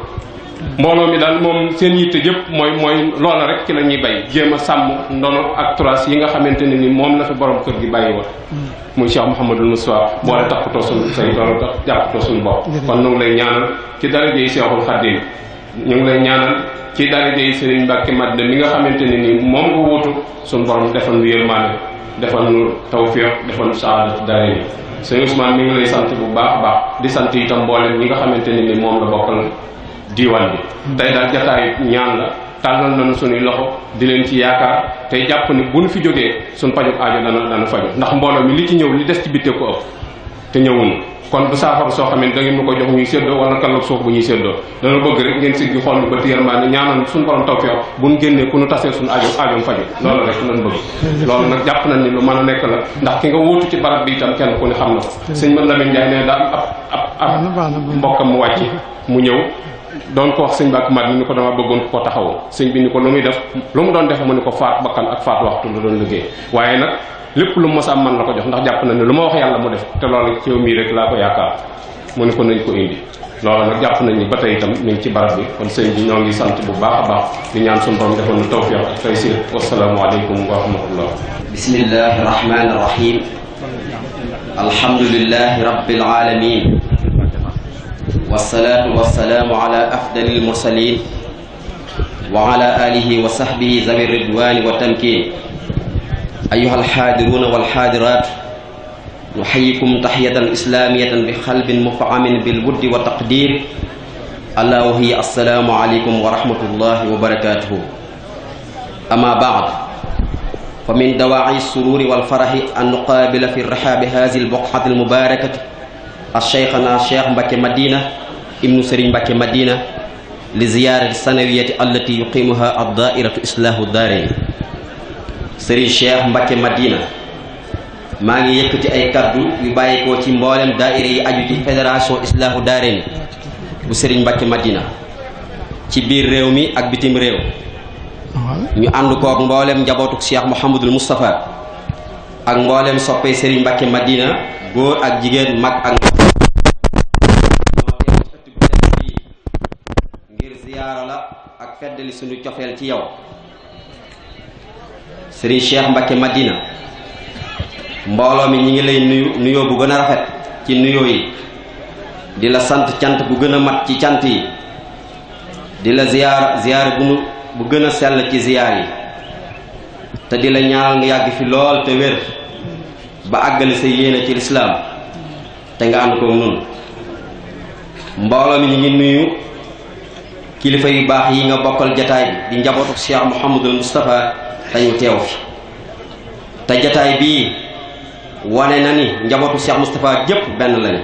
D: mbooloo mi daal moom seen yitte yëpp mooy mooy loola rek ci la ñuy bay jéem a sàmm ndono ak turaas yi nga xamante ne ni moom la fi borom kër gi bàyyi woon mm. muy Cheikh Mouhamadul Moustapha boole takkutoo suñu say doon jàppatoo suñu bopp mm. kon ñu ngi lay ñaanal ci dara ji Seexul Xadiim ñu ngi lay ñaanal ci daraja yi Serigne Mbacke Madina mi nga xamante ne nii moom nga wuutu suñu borom defal nu yërmaane defal nu tawfiq defal nu saadat dara yi sëñ Ousmane mi ngi lay sant bu baax baax di sant itam mboolem mi nga xamante ne ni moom la bokkal diiwaan bi tey daal jataayu ñaan la tàllal nañu suñuy loxo di leen ci yaakaar tey jàpp ni bu ñu fi jógee suñ pajub aajo dana dana faju ndax mbooloo mi li ci ñëw li des ci bitte ko ëpp te ñëwuñu kon du saafara soo xam ne da ngeen ma ko jox ñuy séddoo wala kàllu suuf bu ñuy séddoo dana bëgg rek ngeen siggi xool ñu ba tiyal maa ne ñaanal suñu borom taw feew bu ñu génnee ku ñu tasee suñu ajo ajom faju loolu rek lañ bëgg loolu nag jàpp nañ ni lu mën a nekk la ndax ki nga wóotu ci barab bi itam kenn ku ne xam na ko sëñ ma Lamine Ndiaye ne daa ab ab mbokkam mu wàcc mu ñëw doon ko wax sëñ Mbàkke Maat mi ni ko dama bëggoon ko ko taxaw sëñ bi ni ko lu muy def lu mu doon def mu ni ko faat bakkan ak faat waxtu la doon liggéey waaye nag lépp lu mu mos am man la ko jox ndax jàpp na ne lu ma wax yàlla mu def te loolu ci yow mii rek laa ko yaakaar mu ni ko nañ ko indi loolu nag jàpp nañ ni ba tey itam ñu ngi ci barab bi kon sëñ bi ñoo sant bu baax a baax di ñaan suñu borom defal nu tawfiq ak taysir wasalaamualeykum wa rahmatullah bismillahi rahmani rahim alhamdulilahi
E: rabbil alamin wasalaatu wasalaamu ala afdalil mursalin wa ala alihi wa sahbihi zawi ridwani wa tamkin ayuha alxaadiruna walxaadirat nuxayikum taxiyatan islamiyatan bi xalbin mufaamin bilwuddi wa taqdir ala wa hiya assalaamu aleykum wa rahmatullahi wa barakatuhu ama baad fa min dawaaci sururi walfaraxi an nuqaabila fi rixaabi haasi albuqxati almubarakati a cheikhana cheikh Mbacke Madina ibnu sëriñ mbàkke madina li ziyaarati sanawiyati allati yuqimuha ad daairatu islaahu daarayni sëriñ cheikh mbàkke madina maa ngi ci ay kàddu yu bàyyikoo ci mboolem daaira yi aju ci fédération islaahu daarayni bu sëriñ mbàkke madina ci biir réew mi ak bitim réew ñu ànd koog mboolem njabootuk cheikh mouhamadul moustapha ak mboolem soppee sëriñ mbàkke madina góor ak jigéen mag ak ziyaara la ak feddali suñu cofeel ci yow sëriñ Cheikh Mbacké Madina mbooloo mi ñi ngi lay nuyu nuyoo bu gën rafet ci nuyoo yi di la sant cant bu gën a mat ci cant yi di la ziyaar ziyaar bu mu gën a sell ci ziyaar yi te di la ñaanal nga yàgg fi lool te wér ba àggale sa yéene ci lislaam te nga ànd ko noonu mbooloo mi ñu ngi nuyu kilifa yu baax yi nga bokkal jataay bi di njabootu Cheikh Mouhamadul Moustapha dañu teew fi te jataay bii wane na ni njabootu Cheikh Moustapha gépp benn lañu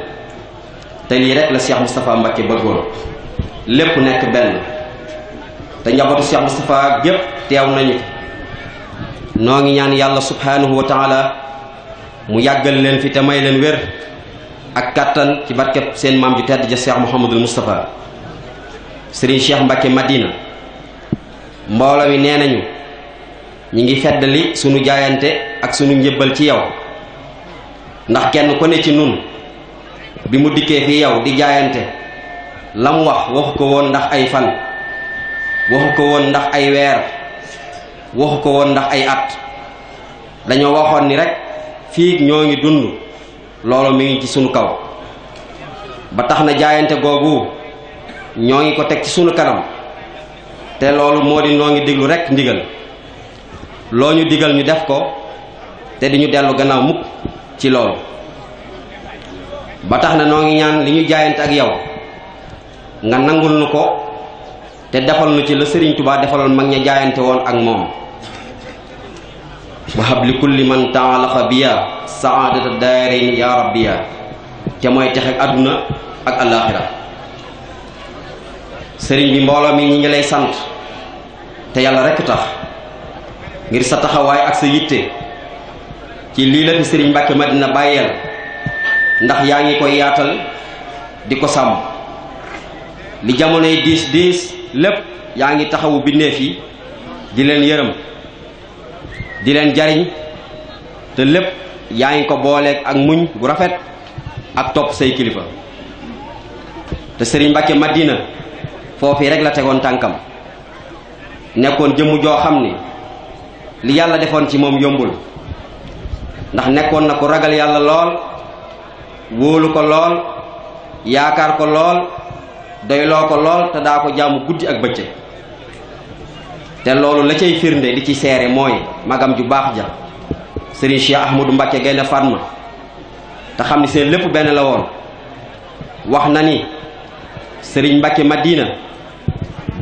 E: te lii rek la Cheikh Moustapha Mbacké bëggoon lépp nekk benn te njabootu Cheikh Moustapha gépp teew nañu noo ngi ñaan yàlla subhanahu wa taala mu yàggal leen fi te may leen wér ak kattan ci barkeb seen maam ju tedd ja Cheikh Mouhamadul Moustapha Serigne Cheikh Mbacke Madina mbooloo mi nee nañu ñi ngi feddali sunu jaayante ak sunu njëbbal ci yow ndax kenn ku ne ci nun bi mu dikkee fi yow di jaayante lam wax waxu ko woon ndax ay fan waxu ko woon ndax ay weer waxu ko woon ndax ay at dañoo waxoon ni rek fii ñoo ngi dund loolu mi ngi ci sunu kaw ba tax na jaayante googu ñoo ngi ko teg ci sunu kanam te loolu moo di noo ngi diglu rekk ndigal loo ñu digal ñu def ko te di ñu dellu gannaaw mukk ci loolu ba tax na noo ngi ñaan li ñu jaayante ak yow nga nangul nu ko te defal nu ci la Sëriñ Tubaa defaloon mag ña jaayante woon ak moom wahab li kulli man taalaxa biya saadata daarayni ya rabbiya ca mooy texe ak àdduna ak alaaxira sëriñ bi mbooloo mi ñu ngi lay sant te yàlla rekk tax ngir sa taxawaay ak sa yitte ci lii la fi sëriñ Mbàkke maddina bàyyeel ndax yaa ngi koy yaatal di ko sàmm li jamonoy diis diis lépp yaa ngi taxawu bindeef yi di leen yërëm di leen jariñ te lépp yaa ngi ko booleek ak muñ bu rafet ak topp say kilifa te sëriñ Mbàkke Madina foofu rek la tegoon tànkam nekkoon jëmm joo xam ni li yàlla defoon ci moom yombul ndax nekkoon na ku ragal yàlla lool wóolu ko lool yaakaar ko lool doyloo ko lool te daa ko jaamu guddi ak bëccëg te loolu la cay firnde li ci seere mooy magam ju baax ja sëriñ Cheikh Ahmadou Mbacké Gaïndé Fatma te xam ni seen lépp benn la woon wax na ni sëriñ Mbacké Madina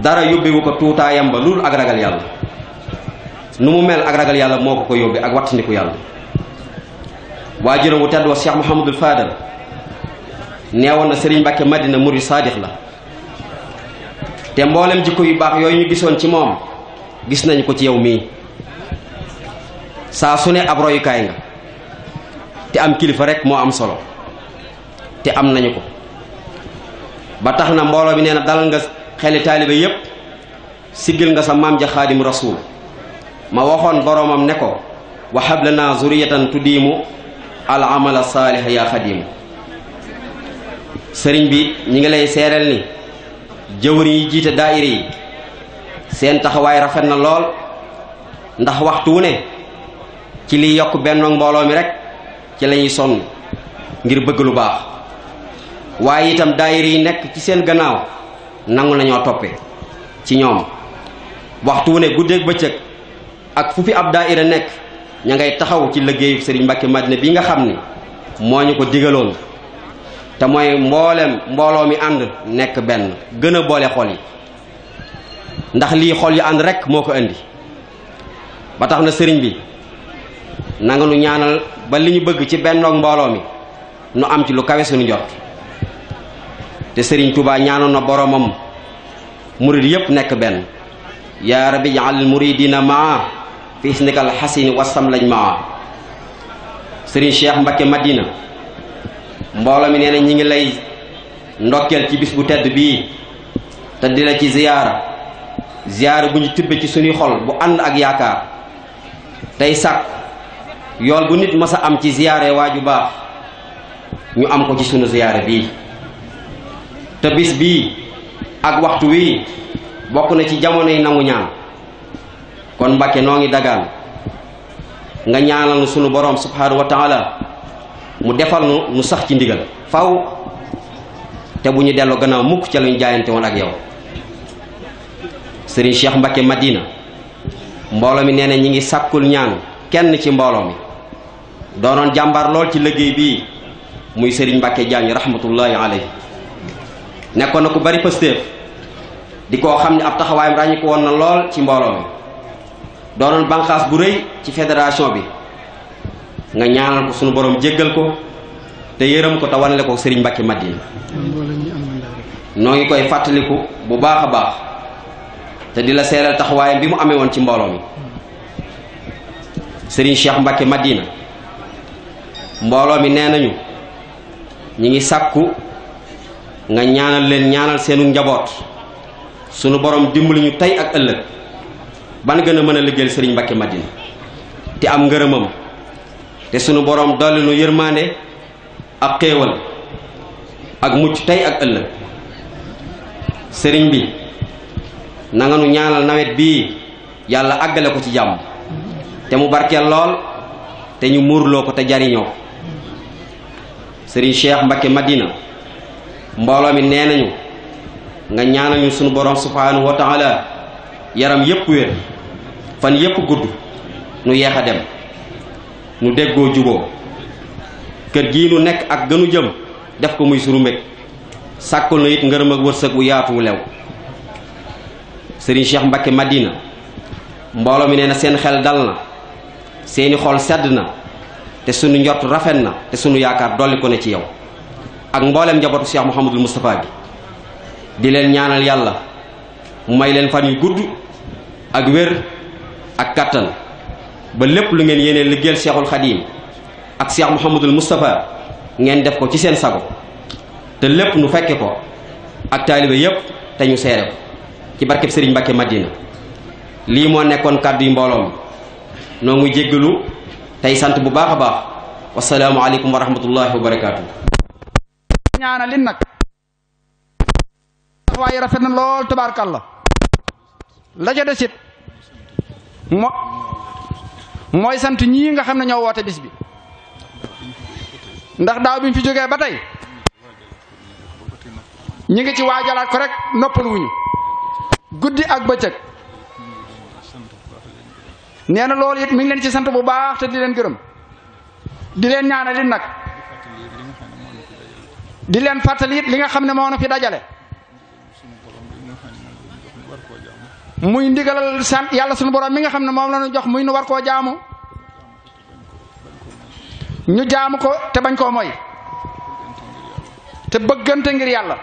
E: dara yóbbewu ko tuutaayam ba lul ak ragal yàlla nu mu mel ak ragal yàlla moo ko ko yóbbe ak wattandiku yàlla waajuram wu tedd wa Cheikh Mouhamadul Fadal neewoon na sëriñ Serigne Mbacke Madina murid saadix la te mboolem jikko yu baax yooyu ñu gisoon ci moom gis nañu ko ci yow mii saa su ne ab royukaay nga te am kilifa rek moo am solo te am nañu ko ba tax na mbooloo mi nee na dalal nga xeli taalibe yépp siggil nga sa maam ja xaadim rasuul ma waxoon boroomam ne ko waxab lana zuriyatan tuddiimu al amala saalix yaa xadiimu sëriñ bi ñu ngi lay seereel ni jëwriñ yi jiite daayira yi seen taxawaay rafet na lool ndax waxtu wu ne ci liy yokk benn mbooloo mi rek ci lañuy sonn ngir bëgg lu baax waaye itam daayira yi nekk ci seen gannaaw nangu nañoo toppe ci ñoom waxtu wu ne guddeeg bëccëg ak fu fi ab daayira nekk ña ngay taxaw ci liggéeyu sëriñ Mbacke Madina bi nga xam ne moo ñu ko digaloon te mooy mboolem mbooloo mi ànd nekk benn gën a boole xol yi ndax lii xol yi ànd rek moo ko indi ba tax na sëriñ bi nanga ñu ñaanal ba li ñu bëgg ci bennoog mbooloo mi nu am ci lu kawe sunu jot te Serigne Touba ñaanoon boroomam boromam murid yépp nekk benn yaa rabbi jaal dina maa fi isnikal xasini wasam lañ maa sëriñ Cheikh Mbacké Madina mbooloo mi nee ñi ngi lay ndokkeel ci bis bu tedd bii te di la ci ziyaara ziyaara bu ñu tibbe ci suñuy xol bu ànd ak yaakaar tey sàkk yool bu nit mës am ci ziyaare waaju baax ñu am ko ci sunu ziyaara bii te bis bii ak waxtu wi bokk na ci jamono yi nangu ñaan kon Mbàkke noo ngi dagaan nga ñaanal sunu boroom subhanahu wa taala mu defal nu sax ci ndigal faw te bu ñu delloo gannaaw mukk ca lañu jaayante woon ak yow sëriñ Cheikh Mbacke Madina mbooloo mi nee na ñi ngi sàkkul ñaan kenn ci mbooloo mi doonoon jàmbaar lool ci liggéey bi muy sëriñ Mbacke Jaañ rahmatullahi alayhi nekkoon na ku bari pëstéef di koo xam ne ab taxawaayam ràññi ko woon na lool ci mbooloo mi doonoon banqaas bu rëy ci fédération bi nga ñaanal ko sunu borom jéggal ko te yërëm ko te wanale ko sëriñ Mbacke Madina noo ngi koy fàttaliku bu baax a baax te di la seeral taxawaayam bi mu amee woon ci mbooloo mi sëriñ Cheikh Mbacke Madina mbooloo mi nee nañu ñi ngi sàkku nga ñaanal leen ñaanal seenu njaboot sunu boroom dimbali ñu tey ak ëllëg ban gën a mën a liggéeyal sëriñ mbakki Madina te am ngërëmam te sunu borom dolli nu yërmaande ak xéewal ak mucc tey ak ëllëg sëriñ bi na nga ñaanal nawet bii yàlla àggale ko ci jàmm te mu barkeel lool te ñu muurloo ko te jariñoo sëriñ Cheikh Mbacke Madina mbooloo mi nee nañu nga ñaanal ñu sunu borom subhanahu wa yaram yépp wér fan yépp gudd nu yeex a dem nu déggoo juboo kër gii nu nekk ak gënu jëm def ko muy sunu mbég sàkkul na it ngërëm ak wërsëg bu yaatuwu lew sëriñ Cheikh Mbacké Madina mbooloo mi nee na seen xel dal na seeni xol sedd na te sunu njort rafet na te sunu yaakaar dolli ko ne ci yow ak mbooleem njabootu Cheikh Mouhamadul Moustapha bi di leen ñaanal yàlla mu may leen fan yu gudd ak wér ak kàttan ba lépp lu ngeen yéenee liggéeyal Cheikhul Khadim ak Cheikh Mouhamadul Moustapha ngeen def ko ci seen sago te lépp nu fekke ko ak taalibe yépp te ñu seere ko ci barkeb sëriñ Mbacke Madina lii moo nekkoon kàddu yi mbooloom noo ngi jéggalu tey sant bu baax a baax wasalaamualeykum wa rahmatullahi wa
F: ñaanalin nag waaye rafet na lool tabaarkàlla la ca desit mo mooy sant ñii nga xam ne ñoo woote bis bi ndax daaw bi ñu fi jógee ba tey ñu ngi ci waajalaat ko rek noppal wuñu guddi ak bëccëg nee na loolu it mi ngi leen ci sant bu baax te di leen gërëm di leen ñaanalin nag di leen fàttali it li nga xam ne moom na fi dajale muy ndigalal sant yàlla sunu borom mi nga xam ne moom la ñu jox muy nu war koo jaamu ñu jaamu ko te bañ koo moy te bëggante ngir yàlla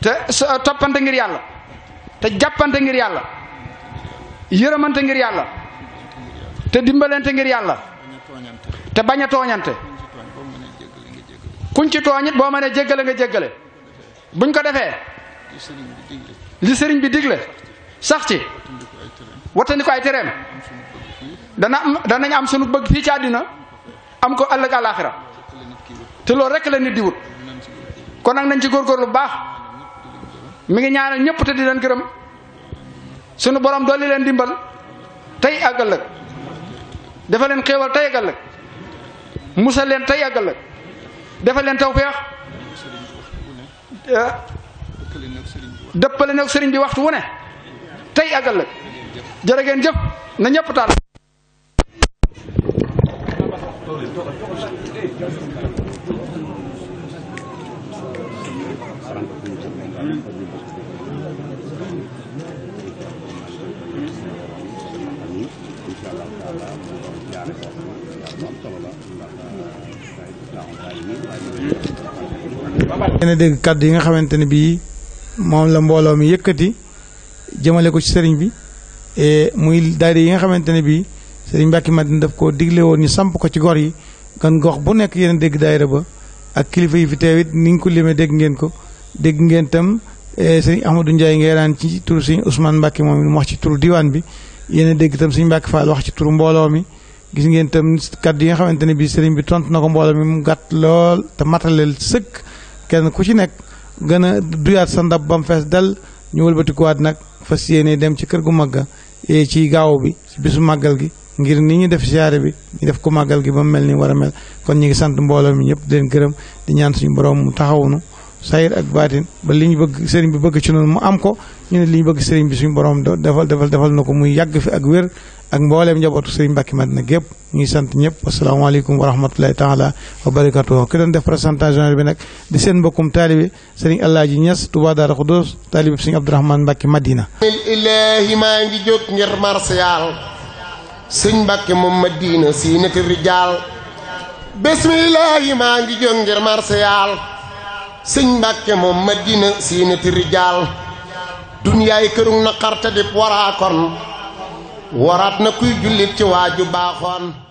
F: te toppante ngir yàlla te jàppante ngir yàlla yërëmante ngir yàlla te dimbalante ngir yàlla te bañ tooñante kuñ ci tooñit boo mënee jéggale nga jéggale buñ ko defee li sëriñ bi digle sax ci watandi ko ay tereem dana am danañ am sunu bëgg fii ci àddina am ko ëllëg àllaaxira te loolu rek la nit di wut kon nag nañ ci góor lu baax mu ngi ñaanal ñëpp te di leen gërëm sunu borom dolli leen dimbal tey ak ëllëg dafa leen xéewal tey ak ëllëg musal leen tey ak ëllëg defal leen tawféex ah. dëppale nag sëriñ bi waxtu wu ne tey ak ëllëg jërë jëf na ñëpp taal
B: ngeen dégg kàddu yi nga xamante ne bii moom la mbooloo mi yëkkati jëmale ko ci sëriñ bi e muy daayira yi nga xamante ne bii sëriñ Mbàkke Madina daf koo digle woon ñu samp ko ci gor yi kon gox bu nekk yéen dégg daayira ba ak kilifa yi fi teewit ni ñu ko limee dégg ngeen ko dégg ngeen tam e, sëriñ Ahmadou Ndiaye ngeeraan ci turu sëriñ Ousmane Mbàkke moom mu wax ci turu diwaan bi yéen dégg tam sëriñ Mbàkke Fall wax ci turu mbooloo mi gis ngeen tam kat yi nga xamante ne bii sëriñ bi tontu na ko mbooloo mi mu gàtt lool te mataleel sëkk kenn ku ci nekk gën a duyaat sa ndab ba mu fees dal ñu wëlbatikuwaat nag fas yéene dem ci kër gu màgga e ci gaaw bi ci bisu màggal gi ngir ni ñu def siyaare bi ñu def ko màggal gi ba mu mel ni war a mel kon ñu ngi sant mbooloo mi ñëpp di leen gërëm di ñaan suñu borom mu taxawunu sayir ak baatin ba li ñu bëgg sëriñ bi bëgg ci noonu mu am ko ñu ne li ñu bëgg sëriñ bi suñu borom defal defal defal na ko muy yàgg fi ak wér ak mbooleem njabootu Serigne Mbacke Madina gépp ñuy sant ñëpp asalaamaaleykum wa rahmatulahi taala wa barakatuh ki doon def présentation bi nag di seen mbokkum taalibi Serigne Alaaji Ñas Touba Daara Xudóos taalibi Serigne Abdourahmane Mbacke Madina
A: ilaahi maa ngi jóg ngir marsiyaal Serigne Mbacke moom Madina si neti rijaal bismilaahi maa ngi jóg ngir marsiyaal Serigne Mbacke moom Madina si neti rijaal dunyaay kërug naqarte dip waraa kon waraat na kuy jullit ci waaju
F: baaxoon